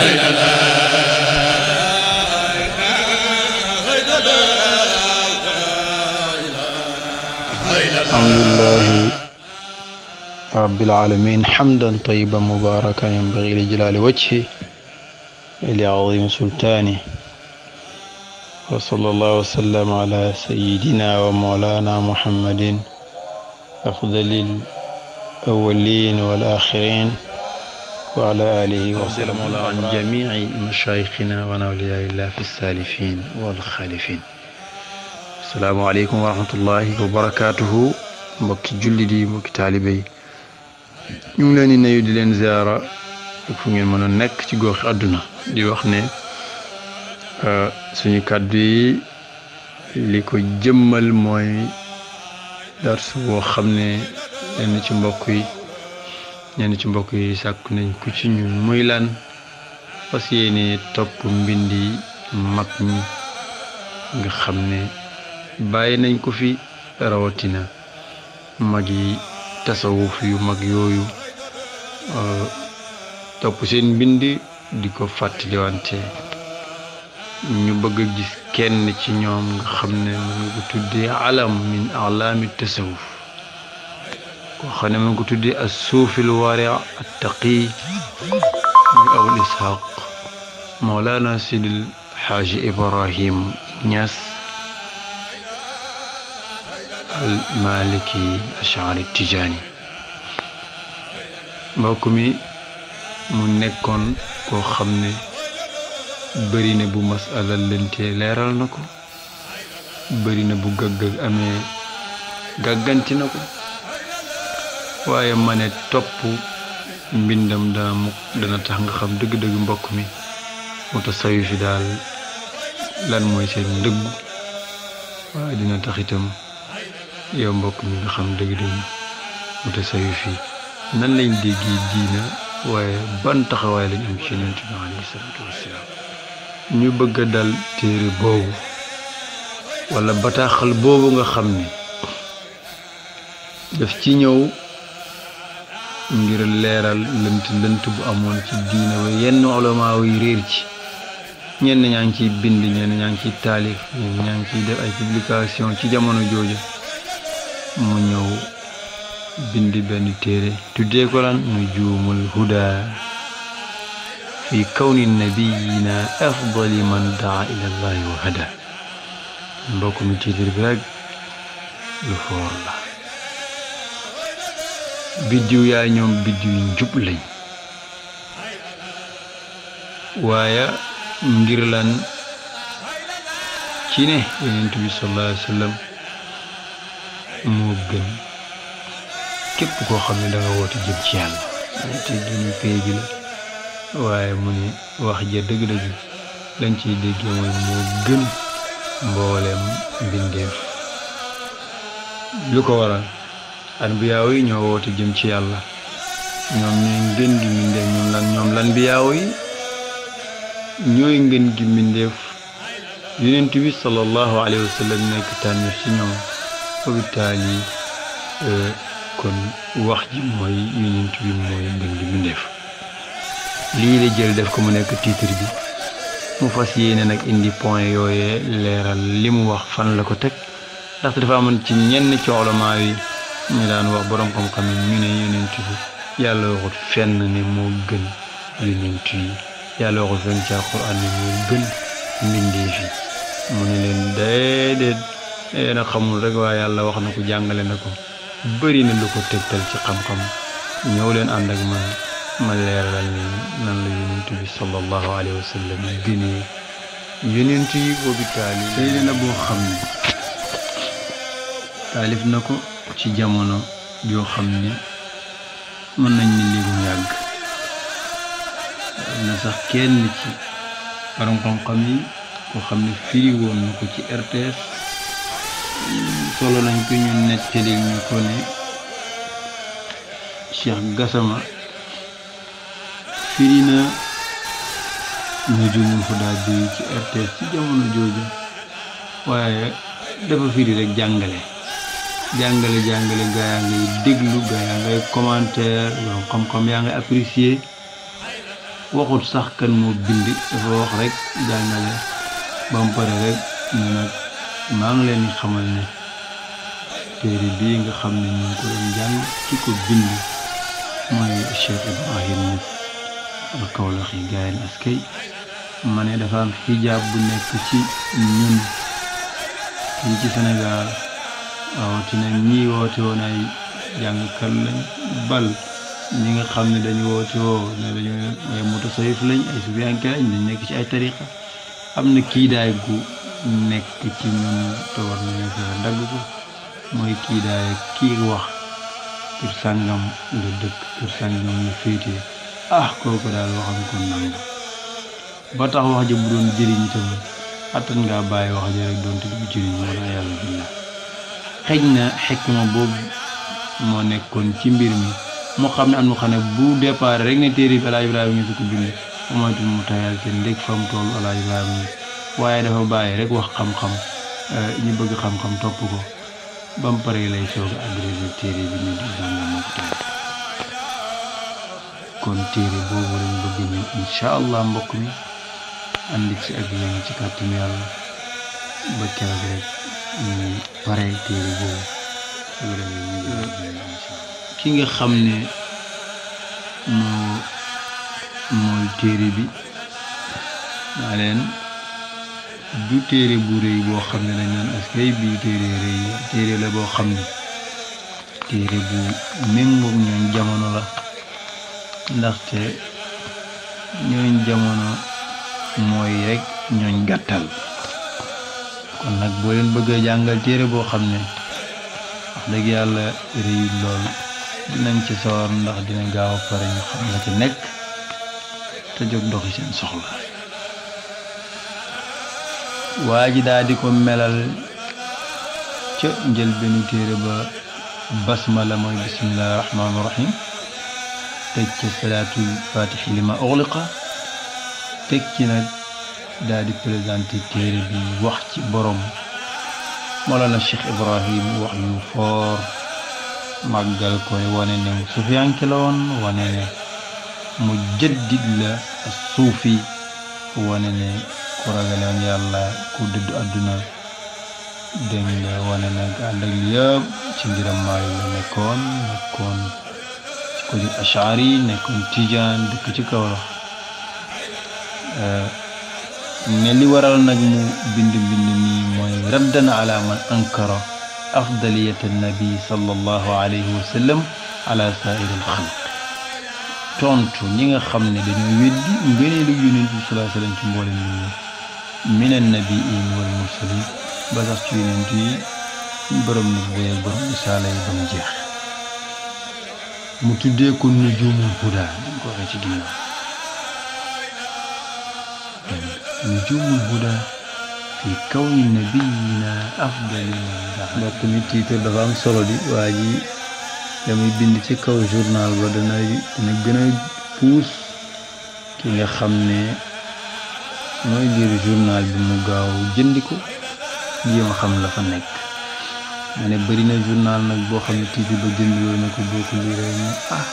الحمد لله رب العالمين حمدا طيبا مباركا ينبغي لجلال وجهه لعظيم سلطانه وصلى الله وسلم على سيدنا ومولانا محمد أفضل الأولين والآخرين وعلى آله وسلم على جميع مشايخنا ونولياء الله في السالفين والخالفين السلام عليكم ورحمة الله وبركاته مك جلدي مك تالبي نولاني نيو دي لين زيارة فوني مانو نك تي غوخ ادنا دي وخني ا آه، سوني كادوي ليكو جمال موي درس بو خامني ان سي مبوكي ñenn ci mbokk yi sàkk nañ ku ci ñu muy lan fas yéene topp mbindi mag ñi nga xam ne bàyyi nañ ko fi rawatina mag yi tasawuf yu mag yooyu euh, topp seen mbind di ko fàttaliwante ñu bëgg a gis kenn ci ñoom nga xam ne mën nga ko tuddee alam min alaami tasawuf وخانا من تدي السوف الوارع التقي أو الإسحاق مولانا سيد الحاج إبراهيم نياس المالكي الشعر التجاني موكمي من نكون كو برينا بو مسألة لنتي ليرال نكو برينا بو أمي غغغنتي waaye ma ne topp mbindam dana mu dana tax nga xam dëgg-dëgg mbokk mi moto sayu fi daal lan mooy seen ndëgg waaye dina tax itam yow mbokk mi nga xam dëgg-dëgg moto sayu fi nan lañ déggee diina waaye ban taxawaay lañ am ci yonent bi alayhi salaatu ñu bëgg a dal téere boobu wala bataaxal boobu nga xam ni daf ci ñëw ngir leeral lënt lënt bu amoon ci diine wa yenn ulamaa yi réer ci ñenn ñaa ciy bind ñenn ñaa ngi ciy taalif ñenn ñaa ngi ciy def ay publication ci jamono jooju mu ñëw bind benn téere tuddee ko lan nujuumul hudaa fi kawni nabiyina afdali man daa ila allahi wa hada mbokk mi tiitir bi rek foor la biddiw yaa ñoom biddiw yi njub lañ waaye ngir lan ci ne yonent bi sallallahu alayhi moo gën képp koo xam ne da nga woote jëm ci yàlla te duñu pay bi la waaye mu ne wax ja dëgg la ji lañ ciy déggee mooy moo gën mbooleem mbindeef lu ko waral albiyaaw yi ñoo woote jëm ci yàlla ñoom ñooy ngën gi mbindeef ñoom lan ñoom lan biyaaw yi ñooy ngën gi mbindeef yonent bi sallallahu alayhi wa sallam nekk tànneef ci ñoom obitaali e, kon wax ji mooy yonent bi mooy ngën gi mbindeef lii la jël def ko mu nekk titre bi mu fas yéene nag indi point yooyee leeral li mu wax fan la ko teg ndaxte dafa amoon ci ñenn ci yi ñu daan wax boroom xam-xam yi ñu ne yonent bi yàlla waxut fenn ne moo gën yonent yi yàlla waxut fenn ci alxuraan ne moo gën mbindee fi mu ne leen déedéet yéen a xamul rek waaye yàlla wax na ko jàngale na ko bari na lu ko tegtal ci xam-xam ñëw leen ànd ak man ma leeral leen nan la yonent bi sallallahu alayhi wa sallam gënee yonent yi boobu a boo xam ne taalif na ko ci jamono joo xam ne mën nañ ni léegi mu yàgg na sax kenn ci borom xam-xam yi koo xam ne firi woon na ko ci RTS solo nañ ko ñu nettali ñu ko ne Cheikh Gassama firi na Nujumul Hudaa bi ci RTS ci jamono jooju waaye dafa firi rek jàngale jàngale jàngale gaa yaa ngay déglu gaa yaa ngay commentaire borom xam-xam yaa ngay apprécier waxut sax kan moo bind dafa wax rek jàngale ba mu pare rek ñu nag maa ngi leen xamal ne téere bii nga xam ne ñu ngi ko doon jàng ci ko bind mooy Cheikh Ibrahim Niass Kawlax gaa yi askay ma ne dafa am xijaab bu nekk ci ñun fii ci senegaal rawatina ñii woote woon ay jàngkat lañ bal ñi nga xam ne dañu woote woo ne dañu ay mutasawif lañ ay sufiyanke lañ nekk ci ay tariqa am na kiidaay gu nekk ci ñun te war nañu fexe dagg ko mooy kiidaay kii wax kër sàngam la dëkk kër sàngam la féete ah kooku daal waxam ko nanga ba tax wax ji bu doon jëriñ itam attan ngaa bàyyi wax ji rek doonte du jëriñ war na yàlla billah xëj na xikma boobu moo nekkoon ci mbir mi mu xam ne am na xam ne bu départ rek ne téere bi Alaaji Ibrahima ñu su ko bind moytu mu tayal te ndég fa mu toll Alaaji Ibrahima waaye dafa bàyyi rek wax xam-xam eh, ñu bëgg xam-xam topp ko ba mu paree lay soog a téere bi ñu di jàng moo ko tey kon téere boobu lañ bëgg ñu incha allah mbokk mi ànd ci ak yéen ci kàttanu yàlla ba keroog rek waree ki nga xam ne moo mooy téere bi daa leen du téere bu rëy boo xam ne dañ naan askay bii téere rëy téere la boo xam ne téere bu méngoog ñooñ jamono la ndaxte ñooñ jamono mooy rekk ñooñ gàttal kon nag boo leen bëggee jàngal téere boo xam ne wax dëgg yàlla réyul lool dinañ ci sawar ndax dina gaaw a pare xam la ci nekk te jóg doxi seen soxla waa ji daal di ko melal ca njëlbeenu téere ba basmala mooy bismillahi rahmaani rahim teg ci salaatul fatixi li ma uxliqa teg ci nag daal di présenté téere bi wax ci borom Mawlana Cheikh Ibrahim wax yu foor màggal koy wane ne sufiyanke la woon wane mu jëddit la suufi wane ne ku ragaloon yàlla ku dëddu àdduna dégg nga wane nag ànd ak yëpp ci ngiram maay la nekkoon nekkoon ci ko di achaari nekkoon tijaan dëkk ci kaw ملي ورال نك مو بند بند مي موي ردنا على من انكر افضليه النبي صلى الله عليه وسلم على سائر الخلق تونتو نيغا خامني دانيو ويدي غيني لو يونتو صلى الله عليه وسلم تي مولين من النبيين والمرسلين بزاف تي يونتي برم نوي برم سالاي دم جيخ mu tuddee ko nujumul huda ni ko نجوم الهدى في كون نبينا أفضل من بعد لكم يتي تدفع مصرلي واجي يمي بنتي كو جورنال بدناي تنقنا بوس كي نخمني ما يدير جورنال بمقاو جندكو ديما خم لا فا نيك يعني جورنال نا بو خامي تي دي بو جند يو نكو بوكو ليراي اه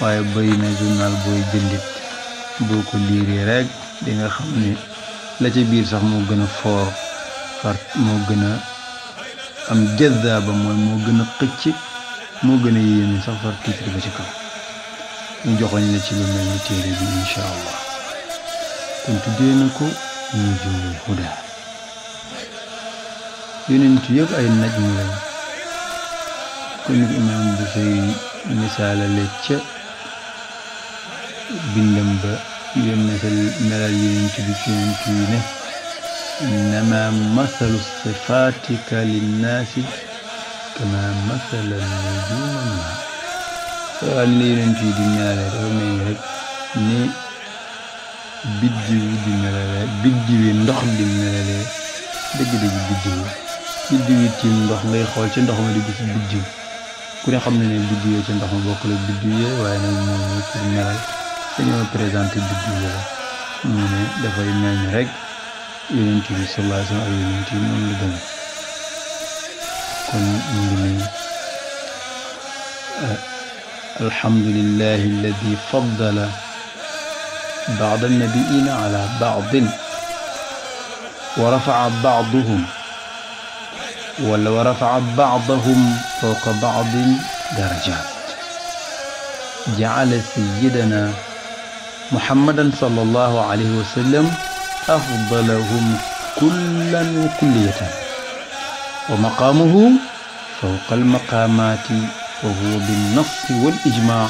واي بري جورنال بو جندي بوكو ليري ريك li nga xam ne la ca biir sax moo gën a foor far moo gën a am jazaaba mooy moo gën a xëcc moo gën a yéeme sax far titre ba ci kaw ñu joxoñ la ci lu mel ni téere bi incha allah kon tuddee na ko nujuumul huda yonent yëpp ay naj mu lañ kon ni ko imaam bu say misaalale ca bindam ba إنما مثل الصفات للناس كما مثل النجوم النار فالليل انتي دنيا رومي رك ني بدي دي ملال بدي وي ندخ دي ملال دي دي بدي بدي وي تي ندخ لاي خول سي ندخ ما دي بدي كوري خامنا ني بدي وي سي ندخ ما بوك لا بدي وي واي نا مو كور ملال الحمد لله الذي فضل بعض النبيين على بعض ورفع بعضهم ولا ورفع بعضهم فوق بعض درجات جعل سيدنا محمدا صلى الله عليه وسلم أفضلهم كلا وكلية ومقامه فوق المقامات وهو بالنص والإجماع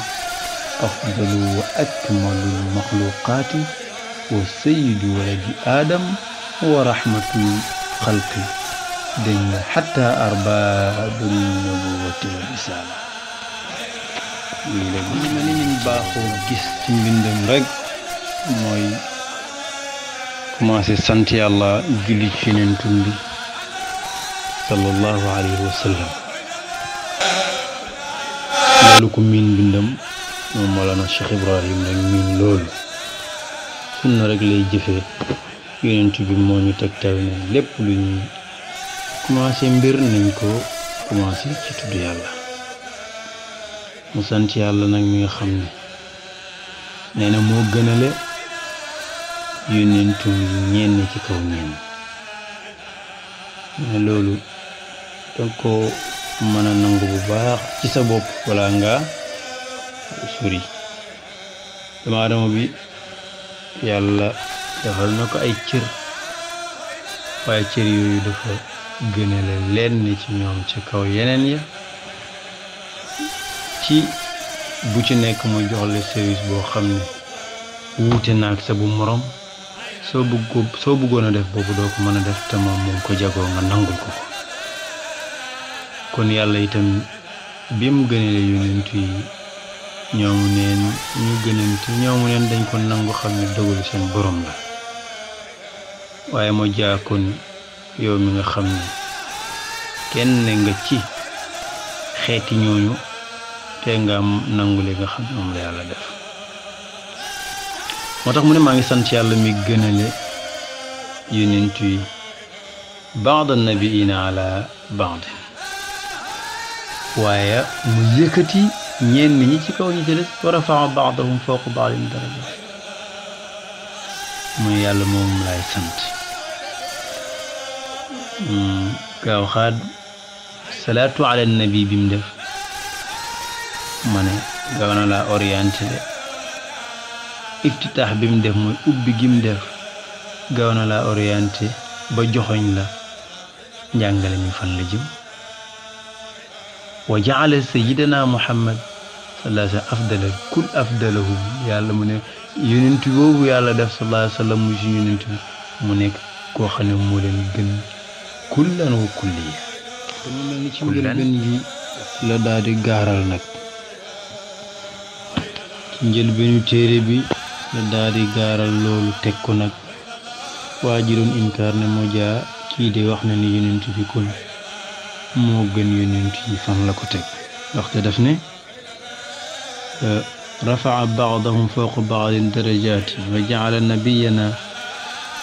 أفضل وأكمل المخلوقات وسيد ولد آدم ورحمة خلقه دين حتى أرباب النبوة والرسالة ñu mel ni niñ baaxoo gis ci mbindam rek mooy commencé sant yàlla julli ci nentum bi sallallahu alayhi wa sallam loolu ko miin mbindam moom Mawlana Cheikh Ibrahim rek miin loolu sunna rek lay jëfee yonent bi moo ñu tegtal ne lépp lu ñuy commencé mbir nañ ko commencé ci tudd yàlla mu sant yàlla nag mi xam ne nee na moo gënale yónnentum yi ñenn ci kaw ñenn ne loolu danga ko mën a nangu bu baax ci sa bopp wala nga suri dama adama bi yàlla defal na ko ay cër waaye cër yooyu dafa gënale lenn ci ñoom ci kaw yeneen ya ci bu ci nekk mu jox la boo xam ne wuute naag sa bu morom soo bëgg bëggoon a def boobu doo ko mën a def te moom mu ko jagoo nga nangul ko ko kon yàlla itam bi mu gënale yonent yi ñoomu neen ñu gënante ñoomu neen dañ ko nangu xam ne dogalu seen borom la waaye moo jaar jaakon yow mi nga xam ni kenn ne nga ci xeeti ñooñu te nga nangu li nga xam ne moom la yàlla def moo tax mu ne maa ngi sant yàlla mi gënale yonent yi baada nabiina ala baadi waaye mu yëkkati ñeen ñi ci kaw ñi ci des wa rafaa baadahum fawqa baadin daraja mooy yàlla moom laay sant gaaw xaat salaatu ala nabi bi mu def ma ne gaaw na laa iftitaax bi mu def mooy ubbi gi mu def gaaw na ba joxoñ la njàngale mi fan la jëm wa jaala sayidana muhammad sallallahu alayhi wa sallam afdala kul afdalahum yàlla mu ne yonent boobu yàlla def sallallahu alayhi wa mu nekk koo xam ne moo leen gën kullan wa kulliya kullan gi la daal di gaaral nag njëlbeenu téere bi la daal di gaaral loolu teg ko nag waa ji doon incarné moo jaa kii de wax na ni yonent bi kon moo gën yonent yi fan la ko teg waxte daf ne euh, rafaa baadahum fawqa baadin darajaati wa jaala nabiyana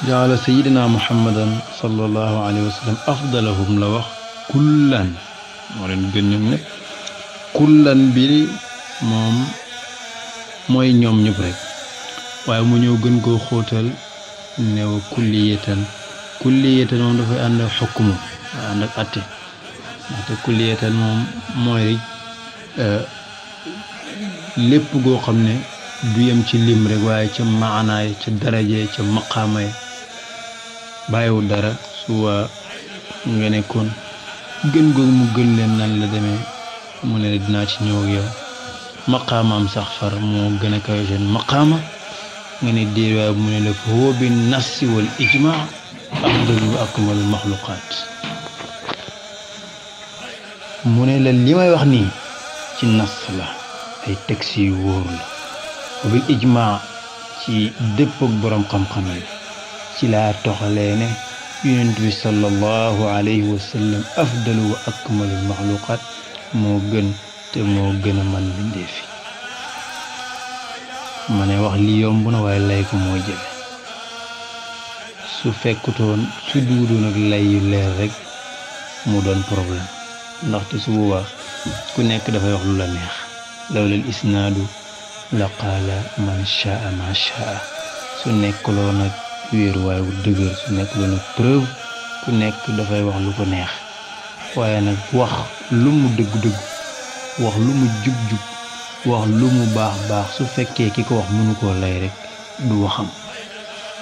jaala sayidina muhammadan sallallahu alayhi wa afdalahum la wax kullan moo leen gën ne kullan bi moom mooy ñoom ñëpp rek waaye mu ñëw gën koo xóotal ne wa kulliyatan kulliyatan moom dafay ànd ak xukkumu ànd moom mooy euh, lépp goo xam ne du yem ci lim rek waaye ca maanaay ca daraje ca maqaamay bàyyiwul dara suba nga nekkoon gën googu mu gën leen nan la demee mu ne dinaa ci ñëw ak yow مقام مسخفر مو غنا كاجن مقام من الديوا من لك هو بالنص والاجماع افضل واكمل المخلوقات من اللي ما يخني في النص لا اي تكسي وور وبالاجماع في ديب بروم خم في لا توخلي ني صلى الله عليه وسلم افضل واكمل المخلوقات مو te moo gën a man bindee fi ma ne wax li yomb na waaye lay ko moo jafe su fekkutoon su dugudoon ak lay yu leer rek mu doon problème ndaxte su boobaa ku nekk dafay wax lu la neex lawlal isnaadu la qaala man shaa ma shaa su nekkuloo nag wéeruwaay wu dëgër su nekkuloo nag preuve ku nekk dafay wax lu ko neex waaye nag wax lu mu dëgg-dëgg wax lu mu jub-jub wax lu mu baax baax su fekkee ki ko wax mënu koo lay rek du waxam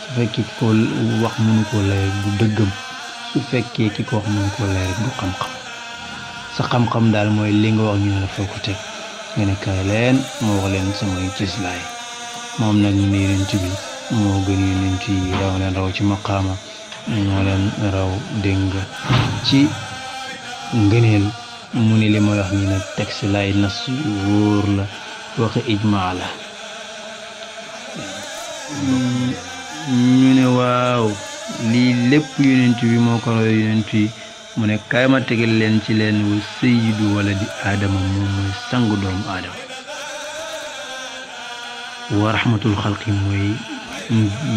su fekkee ki ko wax mënu koo lay rek du dëggam su fekkee ko wax mënu koo xam-xam sa xam-xam daal mooy li nga wax ñu ne la foo ko teg nga ne leen moo wax leen samay cislaay moom nag ñu ne yonent bi moo gën yonent yi raw leen raw ci maqaama moo leen raw dégg nga ci ngëneel mu ne li may wax ni nag texte lay nas yu wóor la waxi ijmaa la ñu ne waaw lii lépp yonent bi moo ko roy yonent yi mu ne kaay ma tegal leen ci leen wa sayyidu wala di aadama moom mooy sangu doomu aadama wa rahmatul xalqi mooy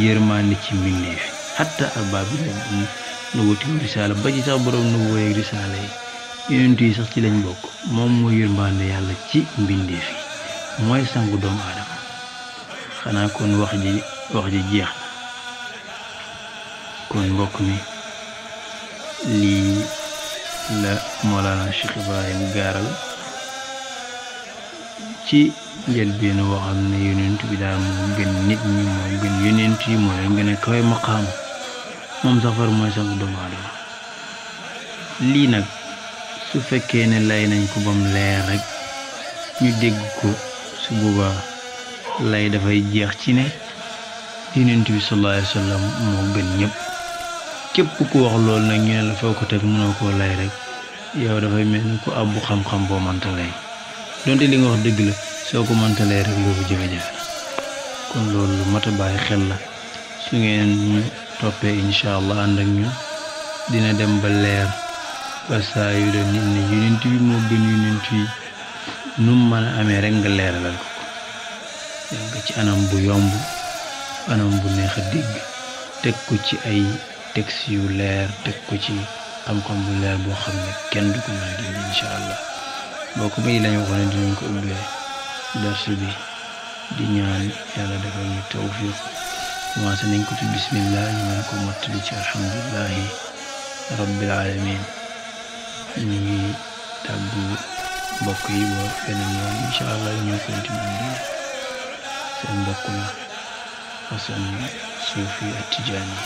yërmaande ci mbindeef xatta arbaab bi la nu wuti risaala ba ci sax borom nu woyeeg risaala yi yonent yi sax ci lañ bokk moom mooy yërmande yàlla ci mbindeef yi mooy sangu doomu aadama xanaa kon wax ji wax ji jeex na kon mbokk mi lii la Mawlana Cheikh Ibrahim gaaral ci njëlbéenu waxam ne yonent bi daal moo gën nit ñi moo gën yonent yi moo gën a kawe maqaam moom safar mooy sangu doomu aadama lii nag su fekkee ne lay nañ ko bam leer rek ñu dégg ko su boobaa lay dafay jeex ci ne yonent bi sallallahu alayhi wa sallam gën ñëpp képp ku wax loolu nag ñu ne la foo ko teg mënoo koo lay rek yow dafay mel ni ku àbbu xam-xam boo mënta lay donte li nga wax dëgg la soo ko mënta lay rek loolu jafe-jafe la kon loolu lu mat a xel la su ngeen ñu toppee incha allah ànd ak ñu dina dem ba leer. wasaayu la nit ñi yonent bi moo gën yonent yi nu mën a amee rek nga leeralal ko nga ci anam bu yomb anam bu neex a dégg teg ko ci ay texte yu leer teg ko ci xam-xam bu leer boo xam ne kenn du ko mën génn incha allah boo ko bay lañu waxoon ne dinañ ko ubbee darsu bi di ñaan yàlla defal ñu tawfiq commencé nañ ko ci bismillah ñu mën ko mottali ci alhamdulilahi rabbil alamin ñu ngi tàggu mbokk yi ba feneen yoon incha allah ñu continue di seen mbokk la Assane Soufi At Tidjani